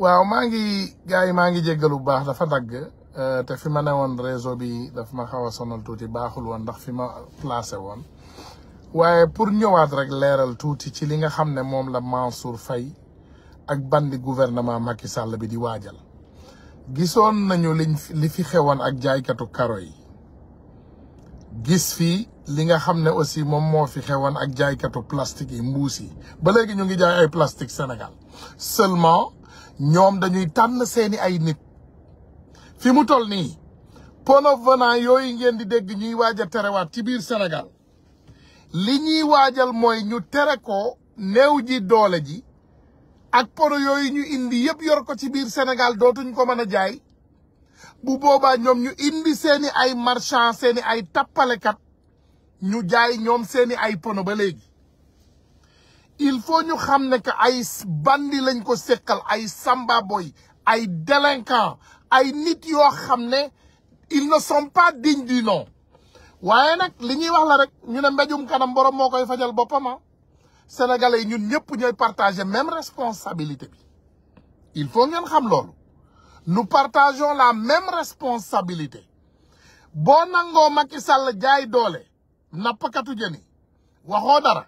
waaw maa ngi gars yi maa ngi jéggalu bu baax dafa dagg euh, te fi ma ne woon réseau bi daf ma xaw a sonal tuuti baaxul woon ndax fi ma placé woon waaye pour ñëwaat rek leeral tuuti ci li nga xam ne moom la Mansour Faye ak bandi gouvernement Macky Sall bi di waajal gisoon nañu liñ li fi xewoon ak jaaykatu karo yi gis fii li nga xam ne aussi moom moo fi xewoon ak jaaykatu plastique yi mbuus yi ba léegi ñu ngi jaay ay plastique Sénégal ñoom dañuy tànn seeni ay nit fi mu toll nii pono ponovena yooyu ngeen di dégg ñuy waaj a terewaat ci biir Sénégal li ñuy waajal mooy ñu tere ko néew ji doole ji ak pono yooyu ñu indi yëpp yor ko ci biir Sénégal dootuñ ko mën a jaay bu boobaa ñoom ñu indi seeni ay marchand seeni ay tappalekat ñu jaay ñoom seeni ay pono ba léegi il faut ñu xamné que ay bandi lañ ko sékkal ay samba boy ay délinquant ay nit yo xamné ils ne sont pas dignes du nom waaye nak li wax la rek ñu mbéjum kanam borom mo koy fajal bopam ah. sénégalais ñun ñëpp partager même responsabilité il faut que xam nous partageons la même responsabilité bo nango Macky jaay doolé pas dara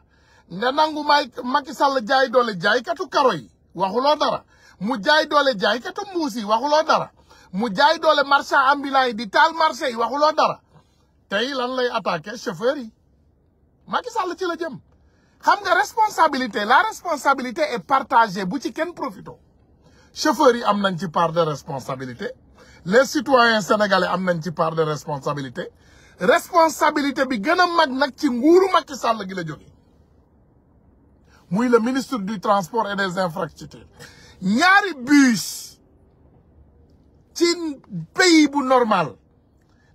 nga nangu may Macky Sall jaay doole jaaykatu karo yi waxuloo dara mu jaay doole jaaykatu mbuus yi waxuloo dara mu jaay doole marchand ambulant yi di taal marché yi waxuloo dara tey lan lay attaqué chauffeur yi Macky Sall ci la jëm xam nga responsabilité la responsabilité et partagée bu ci kenn profito chauffeurs yi am nañ ci part de responsabilité les citoyens sénégalais am nañ ci part de responsabilité responsabilité bi gën a mag nag ci nguuru Macky Sall gi la jóge muy le ministre du transport et des infrastructures ñaari bus ci pays bu normal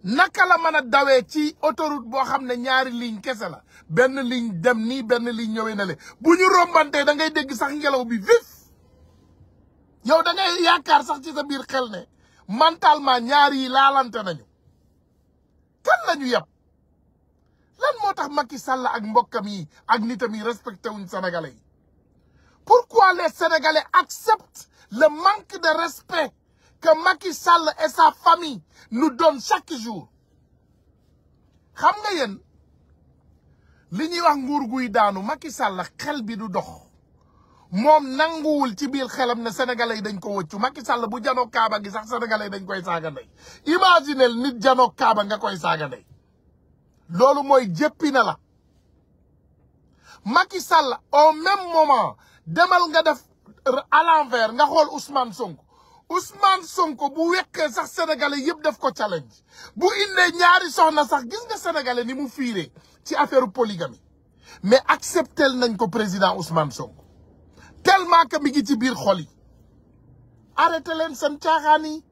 naka la mën a dawee ci autoroute boo xam ne ñaari ligne kese la benn ligne dem nii benn ligne ñëwee na le bu ñu rombantee da ngay dégg sax ngelaw bi vif yow da ngay sax ci sa biir xel ne mantalement ñaari yi laalante nañu kan lañu yàpp lan moo tax Macky Sall ak mbokkam yi ak nitam yi respecte wuñ sénégalais yi pourquoi les sénégalais acceptent le manque de respect que Macky Sall et sa famille nu donnent chaque jour xam nga yéen li ñuy wax nguur guy daanu Macky Sall xel bi du dox moom nanguwul ci biir xelam ne sénégalais yi dañ ko wëccu makki Sall bu janoo kaaba gi sax sénégalais dañ koy saaga ndey imaginel nit janoo kaaba nga koy saaga ndey loolu mooy jéppi na la Macky Sall au même moment demal nga def à l'envers nga xool Ousmane Sonko Ousmane Sonko bu wekkee sax sénégalais yëpp def ko challenge bu indee ñaari soxna sax gis nga sénégalais ni mu fiiree ci affaire polygamie mais acceptel nañ ko président Ousmane sonk tellement que mi ngi ci biir xol yi arrêté leen seen caaxaan yi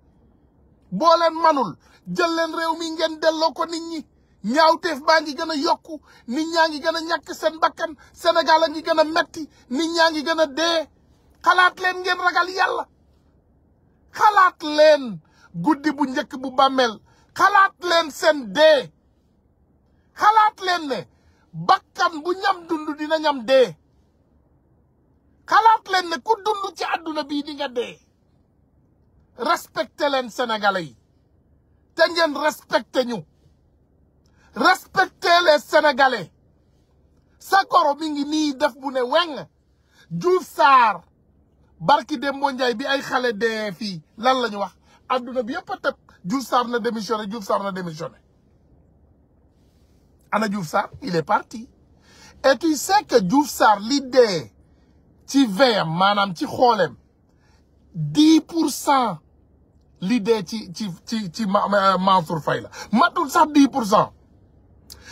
manul jël leen réew mi ngeen delloo ko nit ñi ñaawteef baa ngi gën a yokku nit ñaa ngi gën a ñàkk seen bakkan Sénégal a ngi gën a metti nit ñaa ngi gën a dee xalaat leen ngeen ragal yàlla xalaat leen guddi bu njëkk bu bàmmeel xalaat leen seen dee xalaat leen ne bakkan bu ñam dund dina ñam dee xalaat leen ne ku dund ci àdduna bii di nga dee respecté leen sénégalais yi ngeen respecté ñu respectez les sénégalais Sakoro romingini ni def bu ne weng Diouf barki dem Ndiaye bi ay xalé fi lan la wax bi yëpp a na démissionné Diouf Sar na démissionné ana Diouf Sar il est parti et tu sais que Diouf Sar li dee ci veyam ci dix pour cent ci ci ci ci Mansour dix pour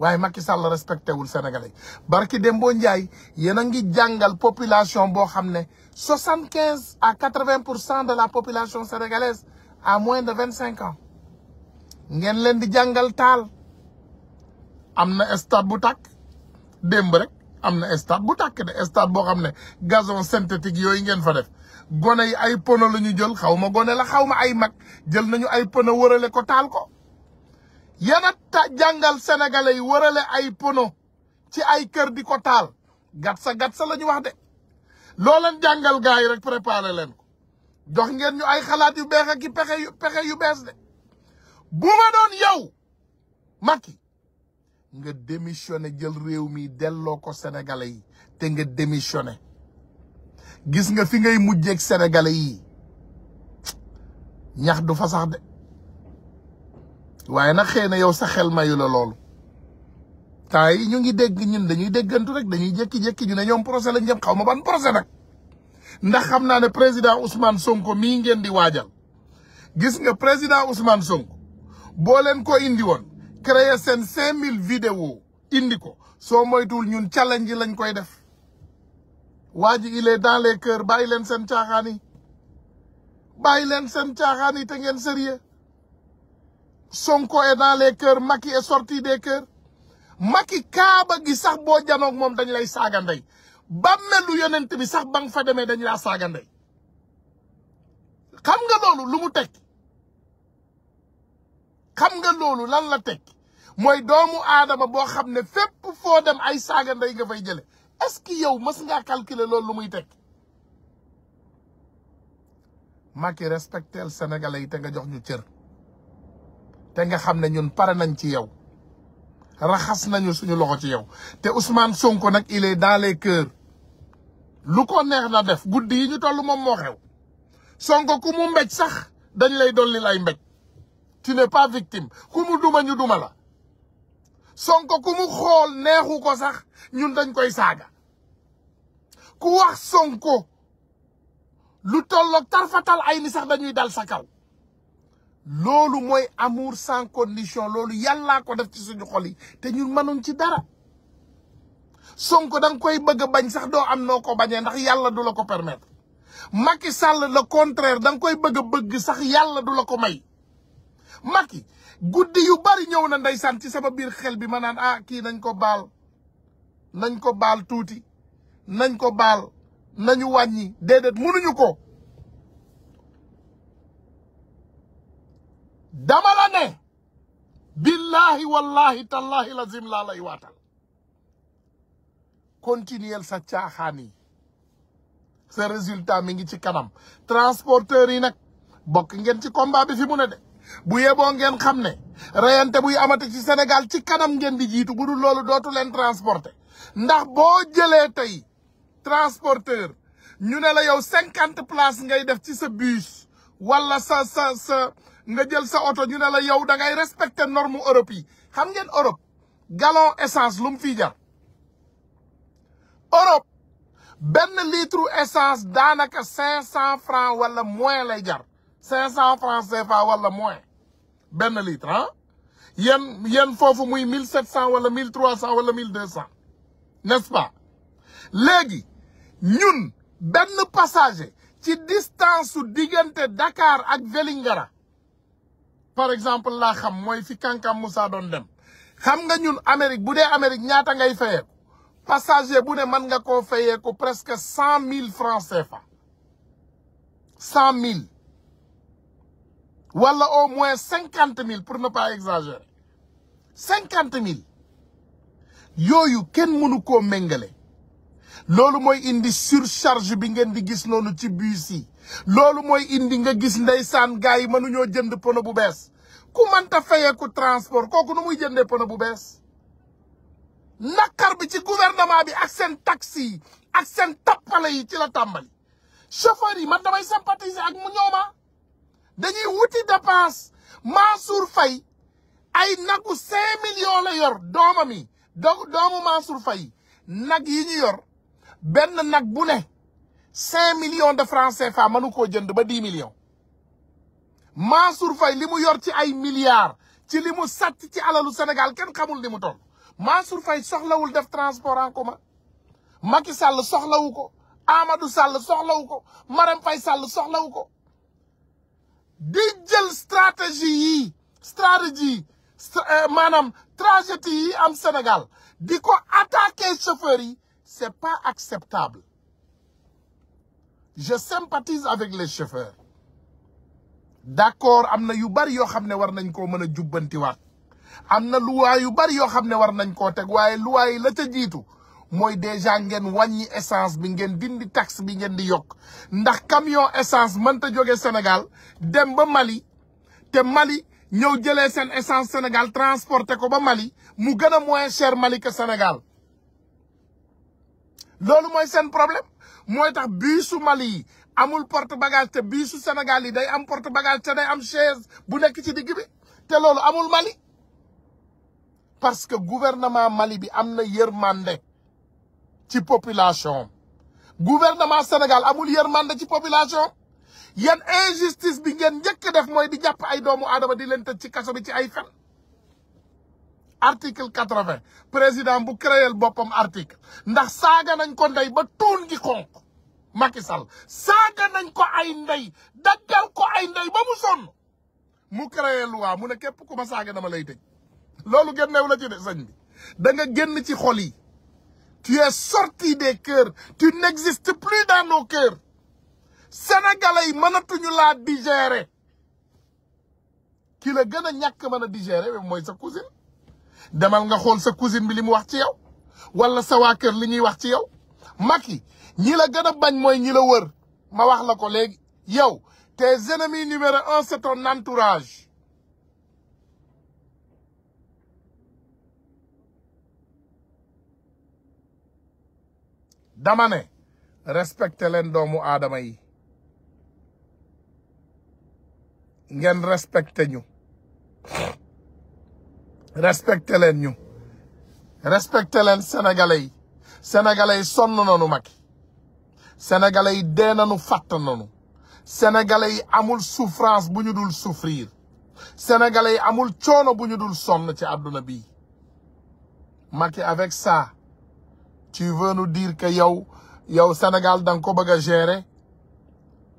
waaye Macky Sall respecté wul Sénégalais barki Dembo Ndiaye yéen a ngi jàngal population boo xam ne soixante quinze à quatre vingt pour cent de la population sénégalaise à moins de vingt cinq ans ngeen leen di jàngal taal am na stade bu tàkk démb rek am na stade bu tàkk de stade boo xam ne gazon sentetique yooyu ngeen fa def gone yi ay pono la ñu jël xaw ma gone la xaw ma ay mag jël nañu ay pono wërale ko taal ko. Yanatta jangal ta jàngal sénégalais worale ay pono ci ay kër di ko taal gatsa gatsa la ñu wax de loo leen jàngal gars rek préparer len ko dox ngeen ñu ay xalaat yu bex ak pexé yu pexé yu de buma don doon yow maki nga démissioner jël réew mi delloo ko sénégalais te nga démissioner gis nga fi ngay mujjeeg sénégalais yi ñax du fa sax de waaye nag xëy na yow sa xel mayu la loolu temps yi ñu ngi dégg ñun dañuy déggantu rek dañuy jékki-jékki ñu ne ñoom procès lañ jëm xaw ma ban procès nag ndax xam naa ne président Ousmane Sonko mi ngeen di waajal gis nga président Ousmane Sonko boo leen ko indi woon créer seen cinq mille vidéo indi ko soo moytuwul ñun challenge yi lañ koy def waa ji il est dans les cœurs bàyyi leen seen caaxaan baa bàyyi leen seen caaxaan yi te ngeen sérieux Sonko est dans les cœurs Macky sorti de kër Macky kaaba gi sax boo janoog moom dañ lay saaga ndey bàmmeelu yonent bi sax ban fa demee dañ laa saaga ndey xam nga loolu lu mu teg xam nga loolu lan la teg mooy doomu aadama boo xam ne fépp foo dem ay saaga ndey nga fay jële est-ce que yow mës ngaa calculer loolu lu muy teg Macky respectel Sénégalais yi te nga jox ñu cër te nga xam ne ñun pare nañ ci yow raxas nañu suñu loxo ci yow te Ousmane Sonko nag il est dans les kër lu ko neex na def guddi yi ñu toll moom moo xew Sonko ku mu mbéj sax dañ lay dolli lay mbéj tu n'es pas victime ku mu duma ñu duma la Sonko ku mu xool neexu ko sax ñun dañ koy saaga ku wax Sonko lu tolloog tarfatal ay ni sax dañuy dal sa kaw loolu mooy amour sans condition loolu yàllaa ko def ci suñu xol yi te ñun mënuñ ci dara Sonko da nga koy bëgg bañ sax doo am noo ko bañee ndax yàlla du la ko permettre Macky Sall le contraire da nga koy bëgg bëgg sax yàlla du la ko may Macky guddi yu bari ñëw na ndey ndeysaan ci sama biir xel bi ma naan ah kii nañ ko baal nañ ko baal tuuti nañ ko baal nañu wàññi déedéet mënuñu ko dama la ne billahi wallahi tallahi lazim laa lay watal continuel sa caaxaan sa résultat mi ngi ci kanam transporteurs yi nag bokk ngeen ci combat bi fi mu ne de bu yeboo ngeen xam ne reyante buy amati ci Sénégal ci kanam ngeen di jiitu bu dul loolu dootu leen transporter ndax boo jëlee tey transporteur ñu ne la yow cinquante place ngay def ci sa bus wala sa sa sa nga jël sa oto ñu ne la yow da ngay respecter norme Europe yi xam ngeen Europe gallon essence lu mu fii jar Europe benn litre essence daanaka cinq cent franc wala moins lay jar cinq cent franc CFA wala moins benn litre ah yéen foofu muy mille sept cent wala mille trois cent wala mille deux cent n'est-ce pas léegi ñun benn passager ci distance su diggante Dakar ak Vélingara par exemple laa xam mooy fi Kankan Moussa doon dem xam nga ñun Amérique bu dee Amérique ñaata ngay fayeeku passager bu ne mën nga koo ko presque cent mille francs fa cent mille wala au moins cinquante mille pour ne pas exagérer cinquante mille yooyu kenn mënu koo méngale loolu mooy indi surcharge bi ngeen di gis noonu ci bus yi lolou moy indi nga gis ndaysan gaay manu ñoo jënd pono bu bes ku fayé ku transport koku nu muy jëndé pono bu bes nakar bi ci gouvernement bi ak sen taxi accent ak sen tapalé yi ci la tàmbali chauffeur yi man damay sympathiser ak mu ñoma dañuy wuti dépense Mansour fay ay nagu 5 millions la yor domami dogu domu Mansour fay nag yi ñu yor ben nag bu cinq millions de francs CFA mënu koo jënd ba dix millions Mansour Faye li mu yor ci ay milliards ci li mu sàcc ci alalu Sénégal kenn xamul ni mu toll Mansour Faye soxlawul def transport en commun Macky Sall soxlawu ko Amadou Sall soxlawu ko Marème Faye Sall soxlawu ko di jël stratégie yi stratégie euh, maanaam tragédie yi am Sénégal di ko attaquer chauffeurs yi c'est pas acceptable je sympathise avec les chauffeurs d'accord am na yu bari yoo xam ne war nañ koo mën a jubbantiwaat am na luwaa yu bari yoo xam ne war nañ koo teg waaye luwaa yi la ca mooy déjà ngeen wàññi essence bi ngeen dindi taxe bi ngeen di yokk ndax camion essence mënta jóge Sénégal dem ba Mali te Mali ñëw jëlee seen essence Sénégal transporté ko ba Mali mu gën a moins cher Mali que Sénégal loolu mooy seen problème mooy tax biisu Mali yi amul porte bagage te biisu Sénégal yi day am porte bagage te day am chaise bu nekk ci digg bi te loolu amul Mali parce que gouvernement Mali bi am na mande ci population gouvernement Sénégal amul yërmande ci population yan injustice bi ngeen njëkk def mooy di jàpp ay doomu aadama di leen tëj ci kaso bi ci ay fen article quatre vingt président bu créel boppam article ndax saaga nañ ko ndey ba tuun gi xonk Macky Sall saaga nañ ko ay ndey daggal ko ay ndey ba mu sonn mu créé loi mu ne képp ku ma saaga dama lay tëj loolu génnew la ci de sëñ bi da génn ci xol yi tu es sorti des cœurs tu n'existes plus dans nos cœurs sénégalais yi mënatuñu laa digérer ki la gën a ñàkk mën a digérer mooy sa cousine demal nga xool sa cousine bi li mu wax ci yow wala sa kër li ñuy wax ci yow Macky ñi la gën mooy ñi la wër ma wax la ko léegi yow tes ennemis numéro un c'est ton entourage dama ne respecté leen doomu aadama yi ngeen respecté ñu respecté leen ñu respecté leen sénégalais yi sénégalais yi sonn nañu Macky sénégalais yi dee nañu fàtt nañu sénégalais yi amul souffrance bu ñu dul souffrir sénégalais yi amul coono bu ñu dul sonn ci àdduna bi i avec ça tu veux nous dire que yow yow Sénégal da ko bëgg a gérer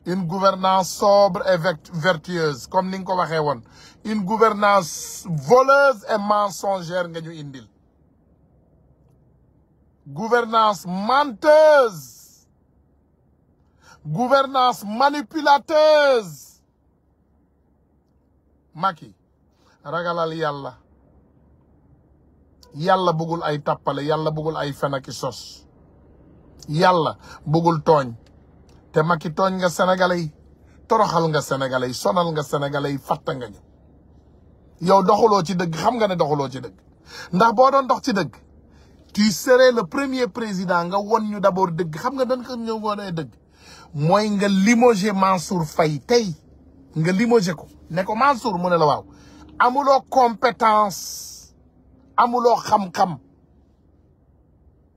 une gouvernance sobre et vertueuse comme ni nga une gouvernance voleuse et mensongère nga ñu indil gouvernance menteuse gouvernance manipulateuse Maki. Ragalali yalla, yalla Bugul ay tapale, yalla bëggul ay fen sos te Macky tooñ nga sénégalais yi toroxal nga sénégalais yi sonal nga sénégalais yi fàtta nga ñu yow doxuloo ci dëgg xam nga ne doxuloo ci dëgg ndax boo doon dox ci dëgg tu serais le premier président nga won ñu d'abord dëgg xam nga dañ ko ñëw woonee dëgg mooy nga limoger Mansour fay tey nga limogé ko ne ko Mansour mu ne la waaw amuloo compétence amuloo xam-xam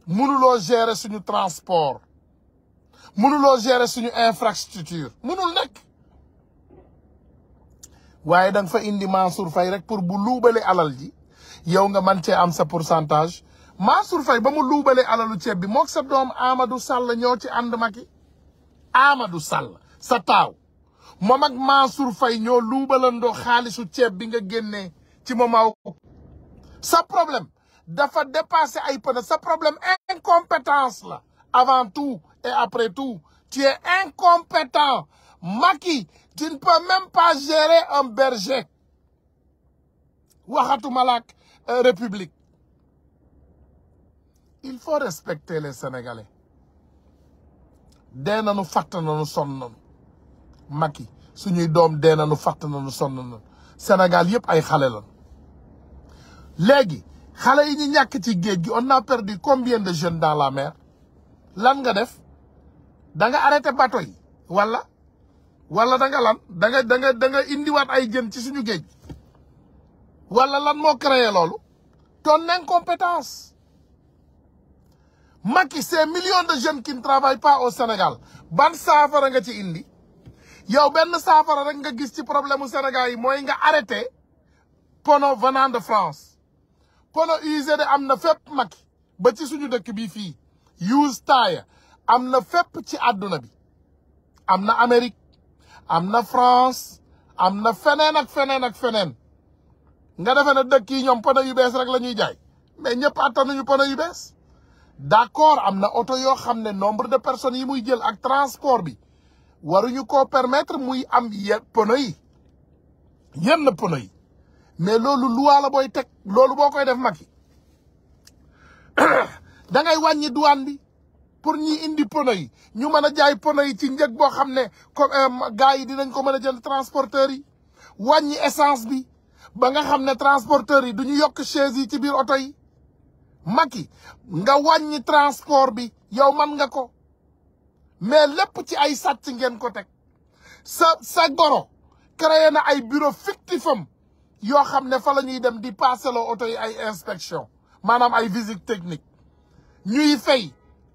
mënuloo gérer suñu transport mënuloo gérer suñu infrastructure mënul nekk waaye da nga fa indi Mansour Faye rek pour bu luubale alal ji yow nga mën cee am sa pourcentage Mansour fay ba mu luubale alalu ceeb bi mook sa doom amadu Sall ñoo ci ànd maki Amadou Sall sa taaw moom ak Mansour Faye ñoo luubalandoo xaalisu ceeb bi nga génnee ci moment sa problème dafa dépasser ay pene sa problème incompétence la avant tout Et après tout, tu es incompétent. Maki, tu ne peux même pas gérer un berger. Ouahatou euh, République. Il faut respecter les Sénégalais. dee nous nous nañu sonn nañu Macky suñuy doom dee nous fàtt nañu sonn Sénégal yëpp ay xalé la léegi yi ñu ci on a perdu combien de jeunes dans la mer lan nga def da nga arrêté bateau yi wala wala da nga lan da nga da nga da nga wat ay jeun ci suñu geej wala lan mo créer lolu ton incompétence Maki, c'est millions de jeunes qui ne travaillent pas au Sénégal ban safara nga ci indi yow ben safara rek nga gis ci problème Sénégal yi moy nga arrêté pono venant de France pono usé de amna fep maki ba ci suñu dëkk bi fi. use tire amna fep ci aduna bi amna amerique amna France amna fenen ak fenen ak fenen nga defe ne dëkk yi ñom pano yu bes rek lañuy jaay mais ñëpp attanuñu pano yu bes d'accord amna auto yo xamne nombre de personnes yi muy jël ak transport bi waruñu ko permettre muy am ye pneu yi yenn pano yi mais lolu loi la boy tek lolu bokoy def Macky da ngay wañi douane bi pour ñi indi pono yi ñu mën a jaay pono yi ci njeg boo xam ne euh, gars yi dinañ ko mën a jënd transporteurs yi wàññi essence bi ba nga xam ne transporteurs yi du ñu yokk chaise yi ci biir oto yi Macky nga wàññi transport bi yow man nga ko mais lépp ci ay sàcc ngeen ko teg sa sa goro créé na ay bureau fictif am yoo xam ne fa la ñuy dem di passeloo oto yi ay inspection maanaam ay visite technique ñuy fay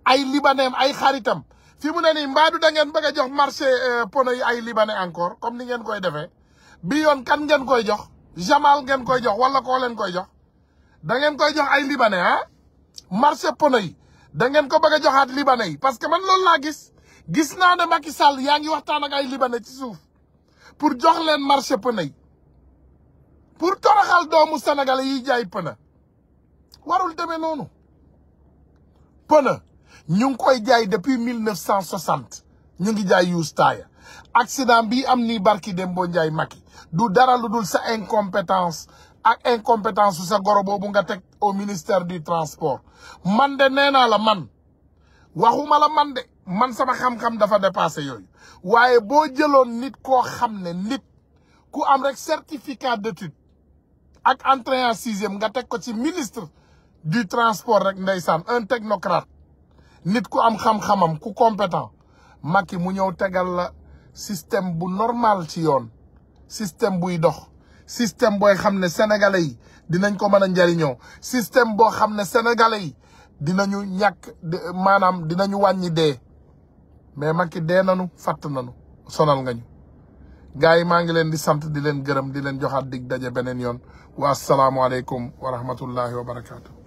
ay libanem, ay xaritam fi mu ne ni mbaadu da ngeen bëgg jox marché euh, pono yi ay libané encore comme ni ngeen koy défé bi yon kan ngeen koy jox Jamal ngeen koy jox wala ko leen koy jox da ngeen koy jox ay libané ha ah? marché pono yi da ngeen ko bëgg joxat libané yi parce que man lool la gis gis na ne Macky Sall ya ngi waxtaan ak ay libané ci suuf pour jox leen marché pono yi pour toroxal doomu sénégalais yi jaay pono warul démé noonu pono ñung koy jaay depuis 1960, neuf cent ñu ngi jaay use taaya accident bi am ni barki dem bo jaay maki du dara lu sa incompétence ak incompétence sa goro bobu nga tek au ministère du transport man de nee la man waxuma la man de man sama xam-xam dafa dépasser yoy waaye bo jëlone nit ko xamne nit ku am rek certificat d'études ak entrée en 6e nga tek ko ci ministre du transport rek ndeysaan un technocrate nit ku am xam-xamam ku compétent Macky mu ñëw tegal la système bu normal ci yoon système buy dox système booy xam ne sénégalais yi dinañ ko mën a njëriñoo système boo xam ne sénégalais yi dina ñu dinañu ñàkk maanaam ñu wàññi dee mais Macky dee nanu fàtt nanu sonal nga ñu gars yi maa ngi leen di sant di leen gërëm di leen joxaat dig daje beneen yoon wa asalaamualeykum wa rahmatullahi wa barakaatu.